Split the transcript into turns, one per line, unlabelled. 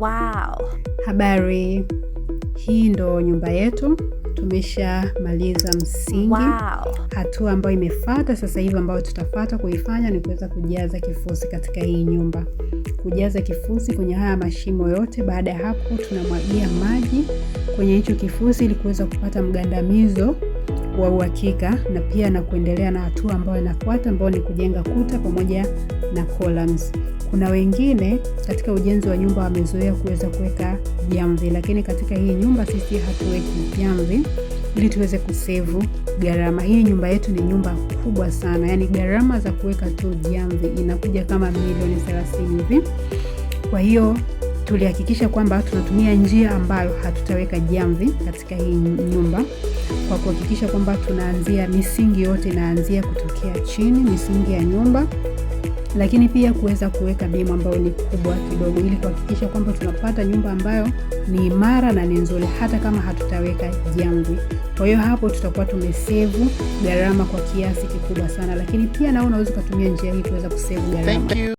Wow.
Habari, hii ndo nyumba yetu, tumeshamaliza msingi. Wow. Hatua ambayo imefata sasa hivi ambayo tutafata kuifanya ni kuweza kujaza kifusi katika hii nyumba, kujaza kifusi kwenye haya mashimo yote. Baada ya hapo, tunamwagia maji kwenye hicho kifusi ili kuweza kupata mgandamizo wa uhakika na pia na kuendelea na hatua ambayo inafuata ambayo ni kujenga kuta pamoja na columns. Kuna wengine katika ujenzi wa nyumba wamezoea kuweza kuweka jamvi, lakini katika hii nyumba sisi hatuweki jamvi ili tuweze kusevu gharama. Hii nyumba yetu ni nyumba kubwa sana, yaani gharama za kuweka tu jamvi inakuja kama milioni thelathini hivi. Kwa hiyo tulihakikisha kwamba tunatumia njia ambayo hatutaweka jamvi katika hii nyumba kwa kuhakikisha kwamba tunaanzia misingi yote inaanzia kutokea chini, misingi ya nyumba lakini pia kuweza kuweka bima ambayo ni kubwa kidogo, ili kuhakikisha kwamba tunapata nyumba ambayo ni imara na ni nzuri, hata kama hatutaweka jangwi. Kwa hiyo hapo tutakuwa tumesevu gharama kwa kiasi kikubwa sana, lakini pia nao unaweza ukatumia njia hii kuweza kusevu
gharama.